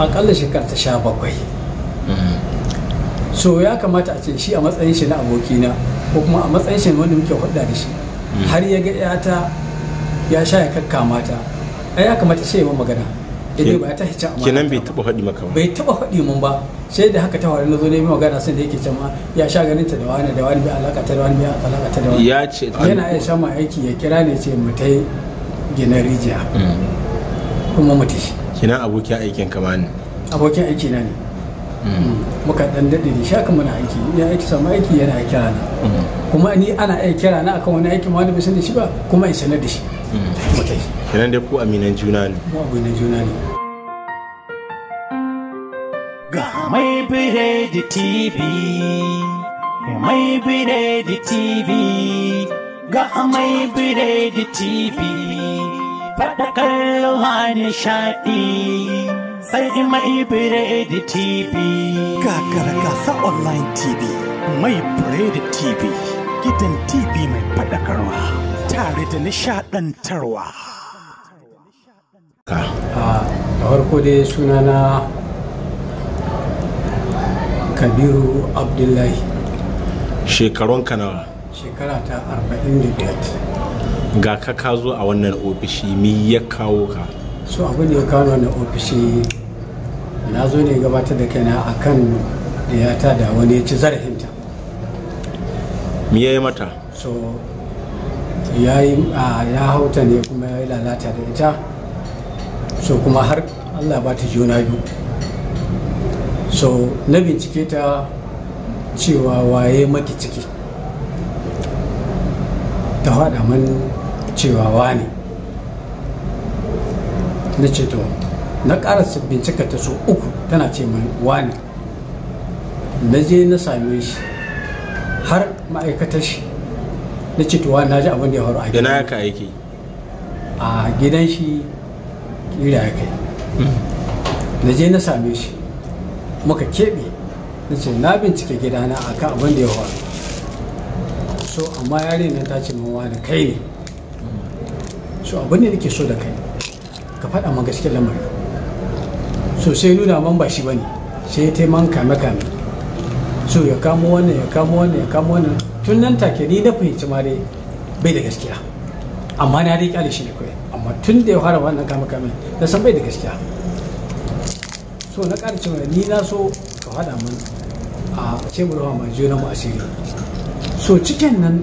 akalla shekar ta sha bakwai mm-hmm. so ya kamata a ce shi a matsayin shi na abokina ko kuma a matsayin shi wanda muke hudda da shi mm-hmm. har ya ga yata ya sha ya kakkama mata ai ya kamata shi ya magana idan ba ta hice amana kenan bai taba faɗi maka ba bai taba faɗi mun ba sai da haka ta wari na zo ne mai magana sun da yake can ma ya sha ganin ta da wani da wani bai alaka ta da wani bai alaka ta da wani ya ce yana iya shan aiki ya kira ne ce mu tai gina rijiya mm-hmm. kuma mu tashi kina abokin aikin kama ne abokin aiki na ne hmm. Hmm. muka dan dade da shakan muna aiki ya aiki samu aiki yana aiki rana hmm. kuma ni ana aiki na akan wani aikin wanda bai sani shi ba kuma in sanar da shi mutai kenan dai ku aminan juna ne mu aminan juna ne ga mai bire da tv mai bire da tv ga mai bire da tv faɗakar ruwa nishaɗi sai mai biredi TV. Kakara gasa online TV, mai biredi TV, gidan TV mai faɗakarwa tare da nishaɗantarwa. a farko dai sunana Kabiru Abdullahi. Shekarun kanawa. Shekara ta 45. ga ka ka zo a wannan ofishi mi ya kawo ka so abin da ya kawo wannan ofishi na zo ne gabatar da kaina akan da ya ta da wani ya ci zarafinta mi ya yi mata so ya yi ya hauta ne kuma ya yi lalata da ita so kuma har allah ba ta juna biyu so na bincike ta cewa waye maki ciki ta faɗa man cewa wani na ce to na ƙara bincika ta so uku tana ce mai wani na je na same shi har ma'aikatar shi na ce to wani na ji abin da ya faru a gidan ya aiki a gidan shi kira ya kai na je na same shi muka keɓe na ce na bincike gidana kan abin da ya faru so amma yare nan ta ce min wani kai ne so abin da nake so da kai ka faɗa ma gaskiyar lamarin so sai nuna man ba shi bane sai taimaka man kame kame so ya kamo wannan ya kamo wannan ya kamo wannan tun nan take ni na fahimci ma dai bai da gaskiya amma na dai kyale shi ne kawai amma tun da ya fara wannan kame kame na san bai da gaskiya so na ƙara cewa ni na so ka faɗa min a ce mu rawa mai juna mu asiri so cikin nan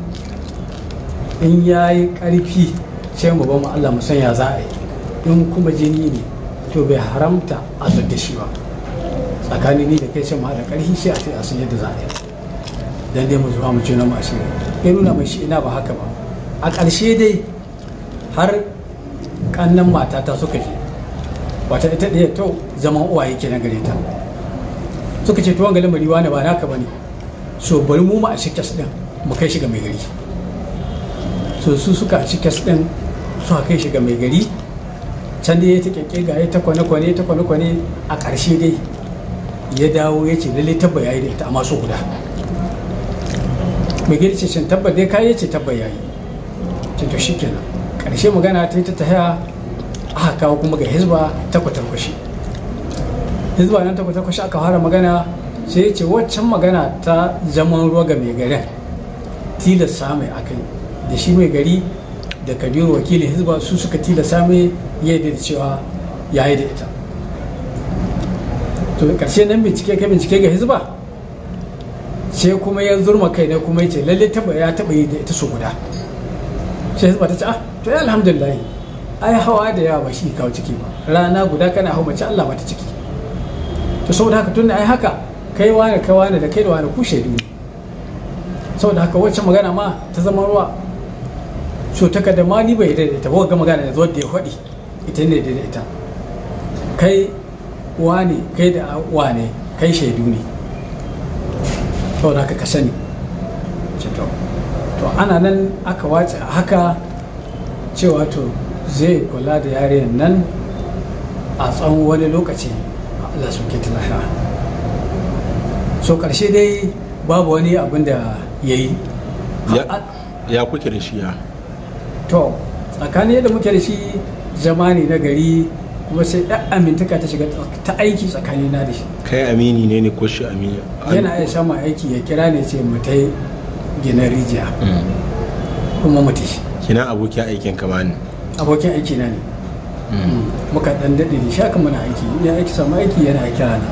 in ya yi ƙarfi sai mu ba mu Allah mu san ya za a yi in kuma jini ne to bai haramta a zub da shi ba tsakanin ni da kai sai ma da karfi sai a ce a san yadda za a yi dan dai mu zuwa mu ce na mu shi ne nuna mai shi ina ba haka ba a ƙarshe dai har kannan matata suka je wata ita ɗaya to zaman uwaye ke na gare ta suka ce tuwon galin mariwa ne ba naka ba ne so bari mu ma a shi kes ɗin mu kai shi ga mai gari so su suka a shi kes ɗin suna kai shi ga mai gari can dai ya ta kyakke ga ya ta kwane-kwane ta kwane-kwane a ƙarshe dai ya dawo ya ce lalle tabba ya yi da ita a masu guda mai gari ce shin tabba dai kayi ce tabba ya yi ce to shi kenan ƙarshe magana ta yi ta tahiya aka kawo kuma ga hizba ta kwatarkwashi hizba nan ta kwatarkwashi aka fara magana sai ya ce waccan magana ta zaman ruwa ga mai garin tilasta mai akai da shi mai gari da kabiru wakilin hizba su suka tilasta mai yadda da cewa ya yi da ita to karshe nan bincike ka bincike ga hizba sai kuma ya zurma kai na kuma ya ce lalle taba ya taba yi da ita su guda sai hizba ta ce ah to ya alhamdulillah ai hawa da yawa ba shi kawo ciki ba rana guda kana hau mace Allah mata ciki to saboda haka tunda ai haka kai wani kai wani da kai da wani ku shaidu saboda haka wacce magana ma ta zama ruwa cutar da ma ni bai daidaita ba ga magana da zuwa da ya faɗi ita ne daidaita kai wane kai da wane kai shaidu ne to da ka sani to ana nan aka wace haka cewa to zai kula da yarinyar nan a tsawon wani lokaci Allah su ke tilasha so karshe dai babu wani abin da ya yi ya kuke da shi ya to tsakanin yadda muke da shi zama ne na gari kuma sai ɗan amintaka ta shiga ta aiki tsakanin na da shi kai amini ne ne ko shi amini yana iya sama aiki ya kira ne ce mu ta gina rijiya mm. kuma mu tashi kina abokin aikin kama ne abokin aiki na ne mm. Mm. muka dan daɗe ne shaka muna aiki ya aiki sama aiki yana kira na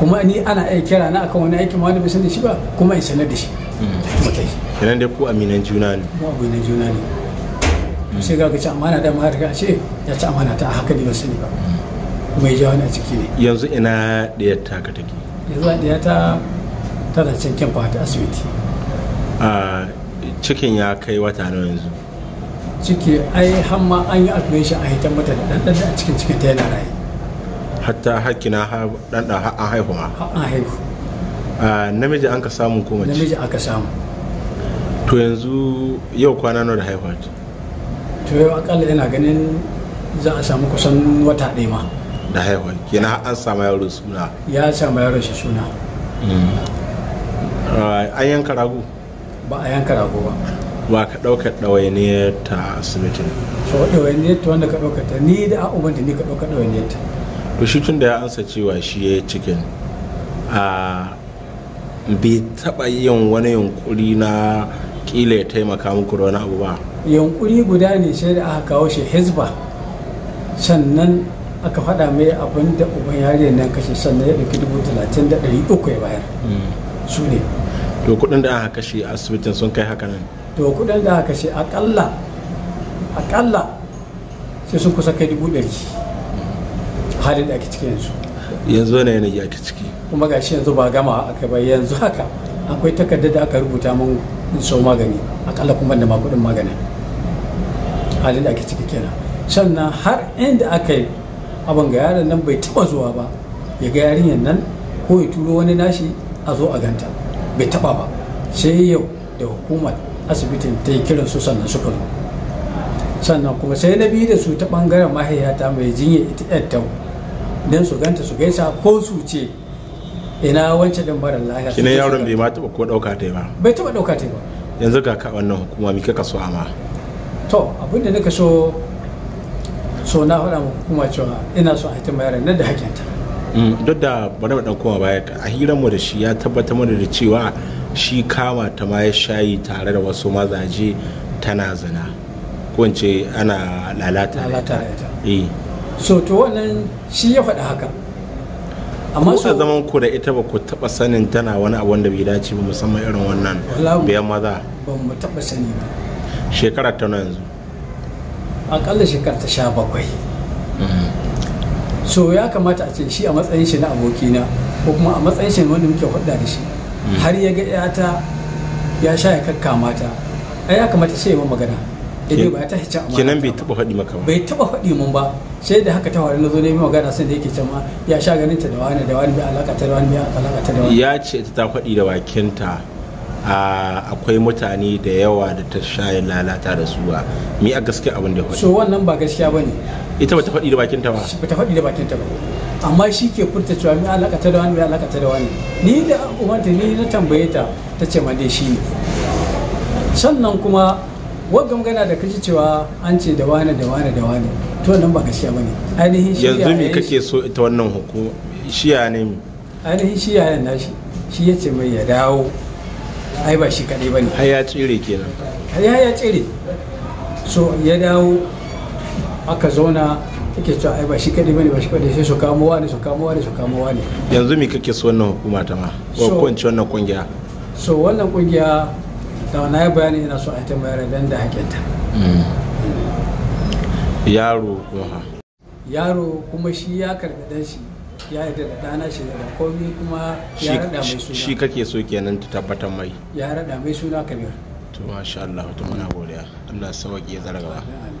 kuma ni ana iya kira na akan wani aikin wanda bai san da shi ba kuma in sanar da shi mu tashi kinan dai ku aminan juna ne mu aminan juna ne sai ga ka ci amana da ma riga ce ya ci amana ta haka ne wasu ne ba kuma ya ja wani a ciki ne yanzu ina da ta ka take yanzu a ɗaya ta tana cin kyan fata asibiti a cikin ya kai wata na yanzu ciki ai hamma an yi operation a hitan mata da ɗanɗan a cikin cikin ta yana raye hatta hakina ha an haihu ma an haihu namiji an ka samu ko mace namiji aka samu to yanzu yau kwana nawa da haihuwa to yau akalla yana ganin za a samu kusan wata ɗaya ma da haihuwa na an samu yaro suna ya samu yaro shi suna mm. an yanka rago ba a yanka rago ba ba ka ɗaukar ɗawainiyar ta asibitin so ɗawainiyar ta wanda ka ɗaukar ta ni da ubanta ni ka ɗaukar ɗawainiyar ta to shi tun da ya ansa cewa shi ya yi cikin a bai taɓa yin wani yunkuri na kila ya taimaka muku da wani abu ba yankuri guda ne shi da aka kawo shi hezba sannan aka faɗa mai abin da uban yariyar nan kashe sannan ya ɗauki dubu talatin da ɗari uku ya bayar hmm. su ne to kuɗin da aka kashe asibitin sun kai haka nan to kuɗin da aka kashe akalla akalla sai sun kusa kai dubu ɗari halin da ake ciki yanzu yanzu ne yanayi ake ciki kuma gashi yanzu ba gama aka bai yanzu haka akwai takarda da aka rubuta mun in sau magani akalla kuma da makudin magani halin da ake ciki kenan sannan har inda aka yi abin ga yaron nan bai taba zuwa ba ya ga yarinyar nan ko ya turo wani nashi a zo a ganta bai taba ba sai yau da hukumar asibitin ta yi kiran su sannan suka zo sannan kuma sai na biyu da su ta bangaren mahaiyata mai jinya ita don su ganta su gaisa ko su ce ina wancan din mara lafiya kina yaron bai ma taba ko dauka ta ba bai taba dauka ta ba yanzu ga ka wannan hukuma mi kaka so ama to abin da nika so so na faɗa mu hukuma cewa ina so a yi ma nan da hakinta mm, duk da bari mu dan koma baya a hiran mu da shi ya tabbatar mana da cewa shi kama ta ma ya shayi tare da wasu mazaje tana zina ko ana lalata lalata eh so to wannan shi ya faɗa haka amma su zaman ku da ita ba ku taba sanin tana wani abu wanda bai dace ba musamman irin wannan biyan maza ba mu taba sani ba shekara ta yanzu akalla shekara ta sha bakwai mm-hmm. so ya kamata a ce shi a matsayin shi na abokina ko kuma a matsayin shi wanda muke hudda da shi mm. har ya ga ta ya sha ya kakkama ta ai ya kamata sai ya magana idan eh, ba ya tashi cin kenan bai taba faɗi maka ba bai taba faɗi mun ba sai da haka ta faru na zo ne magana sai da yake can ya sha ganin ta da wani da wani bai alaka ta da wani bai alaka ta da wani ya ce ta faɗi da bakinta akwai mutane da yawa da ta shayin lalata da su ba mi a gaskiya abin da ya faɗi so wannan ba gaskiya ne. ita ba ta faɗi da bakinta ba ba ta faɗi da bakinta ba amma shi ke furta cewa mi alaka ta da wani mi alaka ta da wani ni da umarta ni na tambaye ta ta ce ma dai shi ne sannan kuma wagga magana da kashi cewa an ce da wane da wane da wane to nan ba gaskiya bane ainihin shi yanzu me kake so ita wannan hukuma shiya ne mi ainihin shiya yan nashi shi ya ce mai ya dawo ai ba shi kadai bane har ya tsire kenan har ya ya tsire so ya dawo aka zauna take cewa ai ba shi kadai bane ba shi kadai sai su kamo wani su kamo wani su kamo wani yanzu me kake so wannan hukuma ta ma ko ko wannan kungiya so wannan kungiya da na yi bayani ina so a ta mayar da da haƙinta mm. yaro kuma yaro kuma shi ya karɓi dan shi ya yi da ɗana shi da komi kuma ya raɗa mai suna shi kake so kenan ta tabbatar mai ya raɗa mai suna kabir to masha Allah to muna godiya Allah sauke ya gaba.